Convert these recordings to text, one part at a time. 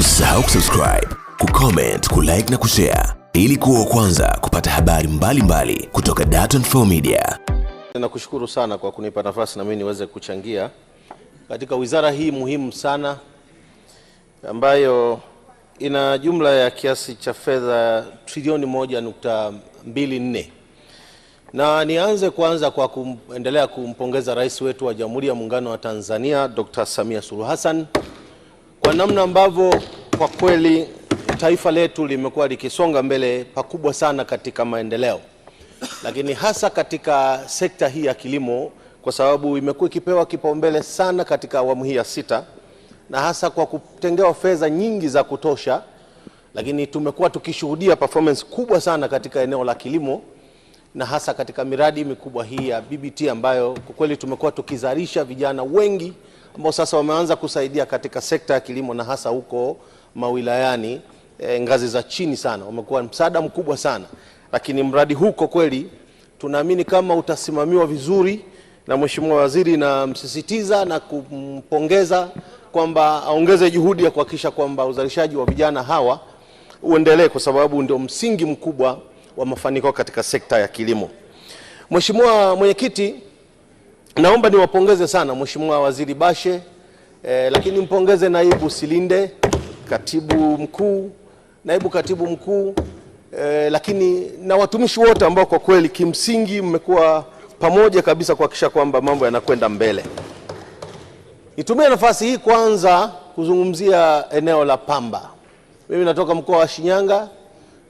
Usisahau kusubscribe, kucomment, kulike na kushare ili kuwa kwanza kupata habari mbalimbali mbali kutoka Dar24 Media. Nakushukuru sana kwa kunipa nafasi na mimi niweze kuchangia katika wizara hii muhimu sana ambayo ina jumla ya kiasi cha fedha trilioni 1.24 na nianze kwanza kwa kuendelea kumpongeza Rais wetu wa Jamhuri ya Muungano wa Tanzania Dr. Samia Suluhu Hassan kwa namna ambavyo kwa kweli taifa letu limekuwa likisonga mbele pakubwa sana katika maendeleo, lakini hasa katika sekta hii ya kilimo, kwa sababu imekuwa ikipewa kipaumbele sana katika awamu hii ya sita, na hasa kwa kutengewa fedha nyingi za kutosha, lakini tumekuwa tukishuhudia performance kubwa sana katika eneo la kilimo na hasa katika miradi mikubwa hii ya BBT ambayo kwa kweli tumekuwa tukizalisha vijana wengi ambao sasa wameanza kusaidia katika sekta ya kilimo na hasa huko mawilayani e, ngazi za chini sana, wamekuwa msaada mkubwa sana. Lakini mradi huko kweli tunaamini kama utasimamiwa vizuri na Mheshimiwa Waziri, namsisitiza na kumpongeza kwamba aongeze juhudi ya kuhakikisha kwamba uzalishaji wa vijana hawa uendelee, kwa sababu ndio msingi mkubwa wa mafanikio katika sekta ya kilimo. Mheshimiwa Mwenyekiti, Naomba niwapongeze sana Mheshimiwa Waziri Bashe eh, lakini mpongeze Naibu Silinde, Katibu Mkuu, Naibu Katibu Mkuu eh, lakini na watumishi wote ambao kwa kweli kimsingi mmekuwa pamoja kabisa kuhakikisha kwamba mambo yanakwenda mbele. Nitumie nafasi hii kwanza kuzungumzia eneo la Pamba. Mimi natoka mkoa wa Shinyanga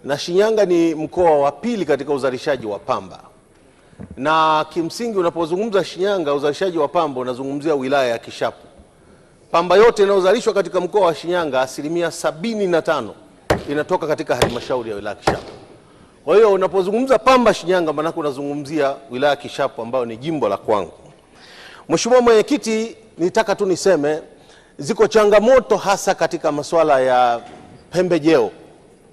na Shinyanga ni mkoa wa pili katika uzalishaji wa pamba na kimsingi unapozungumza Shinyanga uzalishaji wa pamba unazungumzia wilaya ya Kishapu. Pamba yote inayozalishwa katika mkoa wa Shinyanga asilimia sabini na tano inatoka katika halmashauri ya wilaya ya Kishapu. Kwa hiyo unapozungumza pamba Shinyanga, maanake unazungumzia wilaya ya Kishapu ambayo ni jimbo la kwangu. Mheshimiwa Mwenyekiti, nitaka tu niseme ziko changamoto hasa katika masuala ya pembejeo,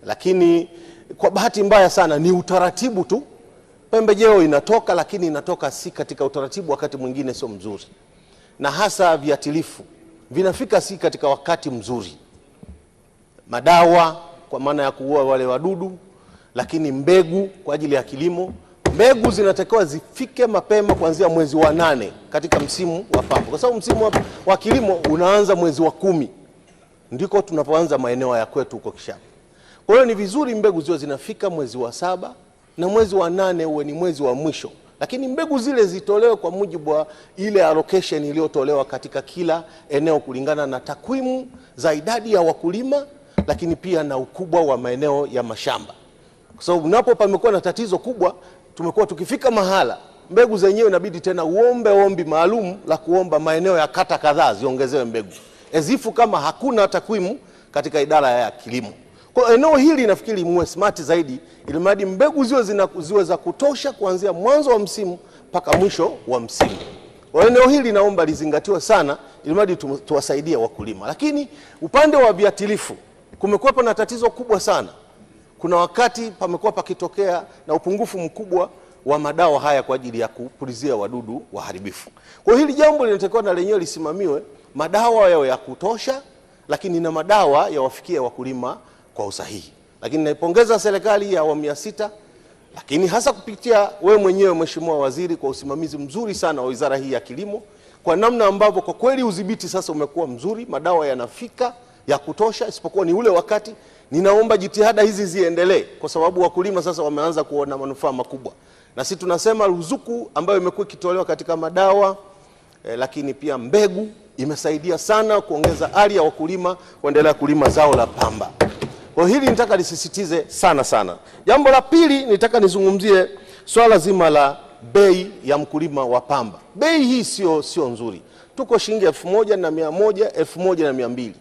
lakini kwa bahati mbaya sana ni utaratibu tu Pembejeo inatoka lakini inatoka si katika utaratibu, wakati mwingine sio mzuri, na hasa viatilifu vinafika si katika wakati mzuri, madawa kwa maana ya kuua wale wadudu, lakini mbegu kwa ajili ya kilimo. Mbegu zinatakiwa zifike mapema kuanzia mwezi wa nane katika msimu wa pamba, kwa sababu msimu wa kilimo unaanza mwezi wa kumi, ndiko tunapoanza maeneo ya kwetu huko Kishapu. Kwa hiyo ni vizuri mbegu ziwe zinafika mwezi wa saba na mwezi wa nane uwe ni mwezi wa mwisho, lakini mbegu zile zitolewe kwa mujibu wa ile allocation iliyotolewa katika kila eneo kulingana na takwimu za idadi ya wakulima, lakini pia na ukubwa wa maeneo ya mashamba, kwa sababu napo pamekuwa na tatizo kubwa. Tumekuwa tukifika mahala mbegu zenyewe inabidi tena uombe ombi maalum la kuomba maeneo ya kata kadhaa ziongezewe mbegu, ezifu kama hakuna takwimu katika idara ya kilimo. Kwa eneo hili nafikiri muwe smart zaidi, ili mradi mbegu ziwe ziwe za kutosha kuanzia mwanzo wa msimu mpaka mwisho wa msimu. Kwa eneo hili naomba lizingatiwe sana, ili mradi tuwasaidie wakulima. Lakini upande wa viatilifu kumekuwepo na tatizo kubwa sana. Kuna wakati pamekuwa pakitokea na upungufu mkubwa wa madawa haya kwa ajili ya kupulizia wadudu waharibifu. Kwa hili jambo linatakiwa na lenyewe lisimamiwe, madawa yao ya kutosha, lakini na madawa yawafikie wakulima kwa usahihi. Lakini naipongeza serikali ya awamu ya sita, lakini hasa kupitia wewe mwenyewe Mheshimiwa Waziri, kwa usimamizi mzuri sana wa wizara hii ya kilimo, kwa namna ambavyo kwa kweli udhibiti sasa umekuwa mzuri, madawa yanafika ya kutosha, isipokuwa ni ule wakati. Ninaomba jitihada hizi ziendelee, kwa sababu wakulima sasa wameanza kuona manufaa makubwa, na sisi tunasema ruzuku ambayo imekuwa ikitolewa katika madawa eh, lakini pia mbegu imesaidia sana kuongeza ari ya wakulima kuendelea kulima zao la pamba. Kwa hili nitaka lisisitize sana sana. Jambo la pili nitaka nizungumzie swala zima la bei ya mkulima wa pamba. Bei hii sio sio nzuri, tuko shilingi elfu moja na mia moja elfu moja na mia mbili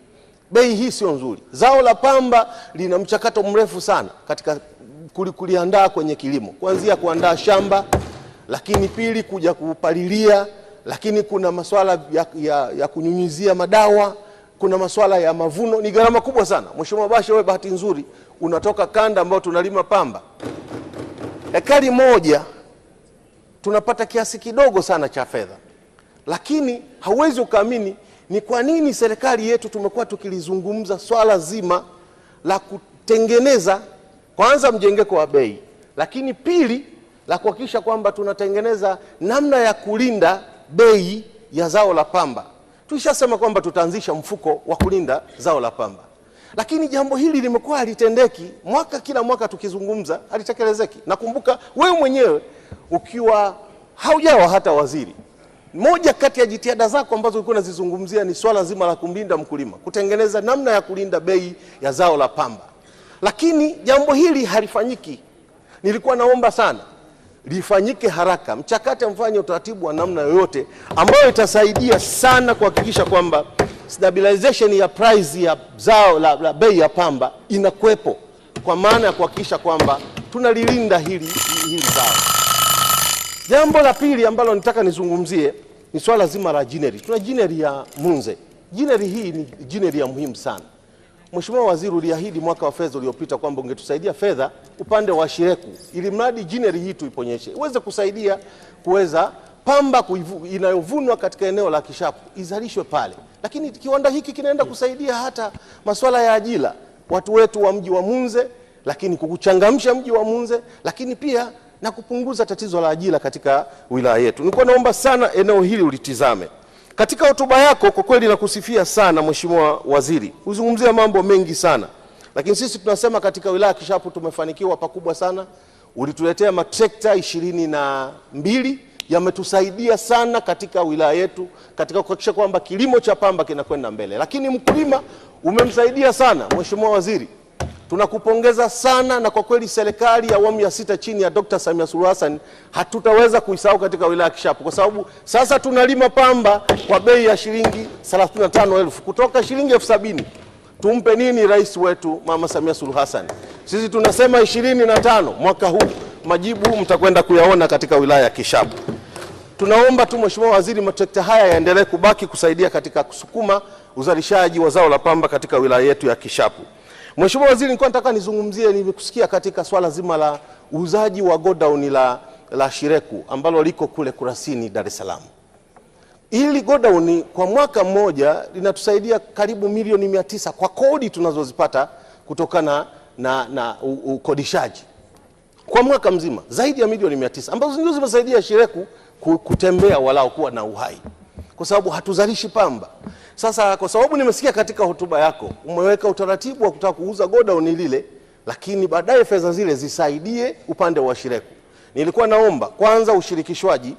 Bei hii sio nzuri. Zao la pamba lina mchakato mrefu sana katika kuliandaa kwenye kilimo, kuanzia kuandaa shamba, lakini pili kuja kupalilia, lakini kuna masuala ya, ya, ya kunyunyizia madawa kuna masuala ya mavuno, ni gharama kubwa sana. Mheshimiwa Bashe, wewe bahati nzuri unatoka kanda ambayo tunalima pamba, ekari moja tunapata kiasi kidogo sana cha fedha, lakini hauwezi ukaamini ni kwa nini serikali yetu tumekuwa tukilizungumza swala zima la kutengeneza kwanza mjengeko wa bei, lakini pili la kuhakikisha kwamba tunatengeneza namna ya kulinda bei ya zao la pamba Tulishasema kwamba tutaanzisha mfuko wa kulinda zao la pamba, lakini jambo hili limekuwa halitendeki, mwaka kila mwaka tukizungumza, halitekelezeki. Nakumbuka wewe mwenyewe ukiwa haujawa hata waziri, moja kati ya jitihada zako ambazo ulikuwa unazizungumzia ni swala zima la kumlinda mkulima, kutengeneza namna ya kulinda bei ya zao la pamba, lakini jambo hili halifanyiki. Nilikuwa naomba sana lifanyike haraka, mchakate mfanye utaratibu wa namna yoyote ambayo itasaidia sana kuhakikisha kwamba stabilization ya price ya zao la, la bei ya pamba inakuwepo, kwa maana ya kuhakikisha kwamba tunalilinda hili, hili zao. Jambo la pili ambalo nitaka nizungumzie ni swala zima la jineri. Tuna jineri ya Munze. Jineri hii ni jineri ya muhimu sana. Mheshimiwa Waziri, uliahidi mwaka wa fedha uliopita kwamba ungetusaidia fedha upande wa Shireku ili mradi jineri hii tuiponyeshe uweze kusaidia kuweza pamba inayovunwa katika eneo la Kishapu izalishwe pale, lakini kiwanda hiki kinaenda kusaidia hata masuala ya ajira watu wetu wa mji wa Munze, lakini kukuchangamsha mji wa Munze, lakini pia na kupunguza tatizo la ajira katika wilaya yetu. Nilikuwa naomba sana eneo hili ulitizame. Katika hotuba yako kwa kweli nakusifia sana Mheshimiwa Waziri, huzungumzia mambo mengi sana, lakini sisi tunasema katika wilaya ya Kishapu tumefanikiwa pakubwa sana. Ulituletea matrekta ishirini na mbili yametusaidia sana katika wilaya yetu katika kuhakikisha kwamba kilimo cha pamba kinakwenda mbele, lakini mkulima umemsaidia sana Mheshimiwa Waziri tunakupongeza sana, na kwa kweli serikali ya awamu ya sita chini ya Dr. Samia Suluhu Hassan hatutaweza kuisahau katika wilaya ya Kishapu, kwa sababu sasa tunalima pamba kwa bei ya shilingi 35,000 kutoka shilingi elfu sabini. Tumpe nini rais wetu Mama Samia Suluhu Hassan? Sisi tunasema 25 mwaka huu. Majibu mtakwenda kuyaona katika wilaya ya Kishapu. Tunaomba tu Mheshimiwa Waziri, matrekta haya yaendelee kubaki kusaidia katika kusukuma uzalishaji wa zao la pamba katika wilaya yetu ya Kishapu. Mheshimiwa Waziri, nilikuwa nataka nizungumzie, nimekusikia katika swala zima la uuzaji wa godown la, la Shireku ambalo liko kule Kurasini, Dar es Salaam. Ili godown kwa mwaka mmoja linatusaidia karibu milioni mia tisa kwa kodi tunazozipata kutokana na, na ukodishaji kwa mwaka mzima, zaidi ya milioni mia tisa ambazo ndio zimesaidia Shireku kutembea walau kuwa na uhai kwa sababu hatuzalishi pamba. Sasa kwa sababu nimesikia katika hotuba yako umeweka utaratibu wa kutaka kuuza godown lile, lakini baadaye fedha zile zisaidie upande wa Shireku, nilikuwa naomba kwanza ushirikishwaji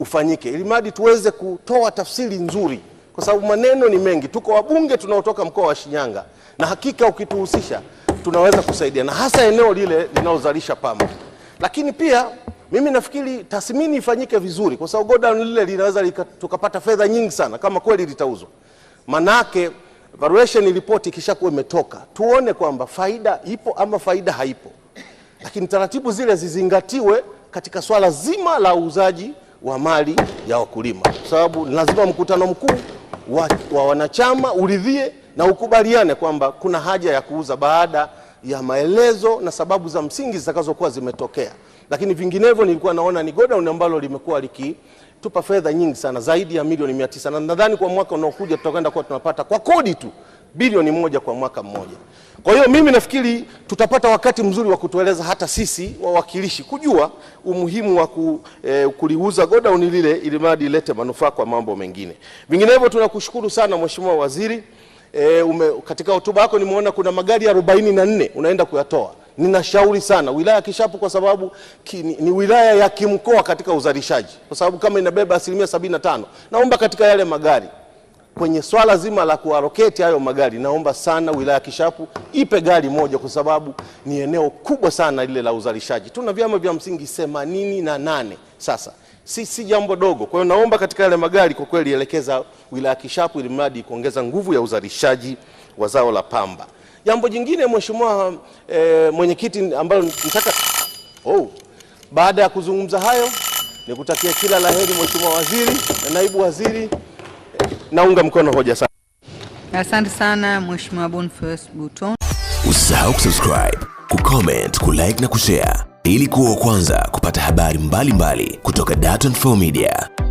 ufanyike ili mradi tuweze kutoa tafsiri nzuri, kwa sababu maneno ni mengi. Tuko wabunge tunaotoka mkoa wa Shinyanga, na hakika ukituhusisha tunaweza kusaidia, na hasa eneo lile linalozalisha pamba, lakini pia mimi nafikiri tathmini ifanyike vizuri, kwa sababu godown lile linaweza tukapata fedha nyingi sana kama kweli litauzwa. Manake valuation report ikishakuwa imetoka, tuone kwamba faida ipo ama faida haipo, lakini taratibu zile zizingatiwe katika swala zima la uuzaji wa mali ya wakulima, kwa sababu lazima mkutano mkuu wa, wa wanachama uridhie na ukubaliane kwamba kuna haja ya kuuza baada ya maelezo na sababu za msingi zitakazokuwa zimetokea lakini vinginevyo nilikuwa naona ni godown ambalo limekuwa likitupa fedha nyingi sana zaidi ya milioni mia tisa na nadhani kwa mwaka unaokuja tutakwenda kuwa tunapata kwa kodi tu bilioni moja kwa mwaka mmoja. Kwa hiyo mimi nafikiri tutapata wakati mzuri wa kutueleza hata sisi wawakilishi kujua umuhimu wa ku, eh, kuliuza godown lile ili mradi ilete manufaa kwa mambo mengine. Vinginevyo tunakushukuru sana Mheshimiwa Waziri. E, ume, katika hotuba yako nimeona kuna magari arobaini na nne unaenda kuyatoa ninashauri sana wilaya ya Kishapu kwa sababu ki, ni, ni wilaya ya kimkoa katika uzalishaji, kwa sababu kama inabeba asilimia 75, naomba katika yale magari kwenye swala zima la kuaroketi hayo magari, naomba sana wilaya Kishapu ipe gari moja, kwa sababu ni eneo kubwa sana lile la uzalishaji. Tuna vyama vya msingi themanini na nane sasa si, si jambo dogo. Kwa hiyo naomba katika yale magari kwa kweli elekeza wilaya Kishapu, ili mradi kuongeza nguvu ya uzalishaji wa zao la pamba. Jambo jingine mheshimiwa e, mwenyekiti ambalo nitaka oh, baada ya kuzungumza hayo nikutakia kila la heri mheshimiwa waziri na naibu waziri, naunga mkono hoja sana. Asante sana mheshimiwa Boniface Buton. Usisahau kusubscribe, kucomment, kulike na kushare ili kuwa wa kwanza kupata habari mbalimbali mbali kutoka Dar24 Media.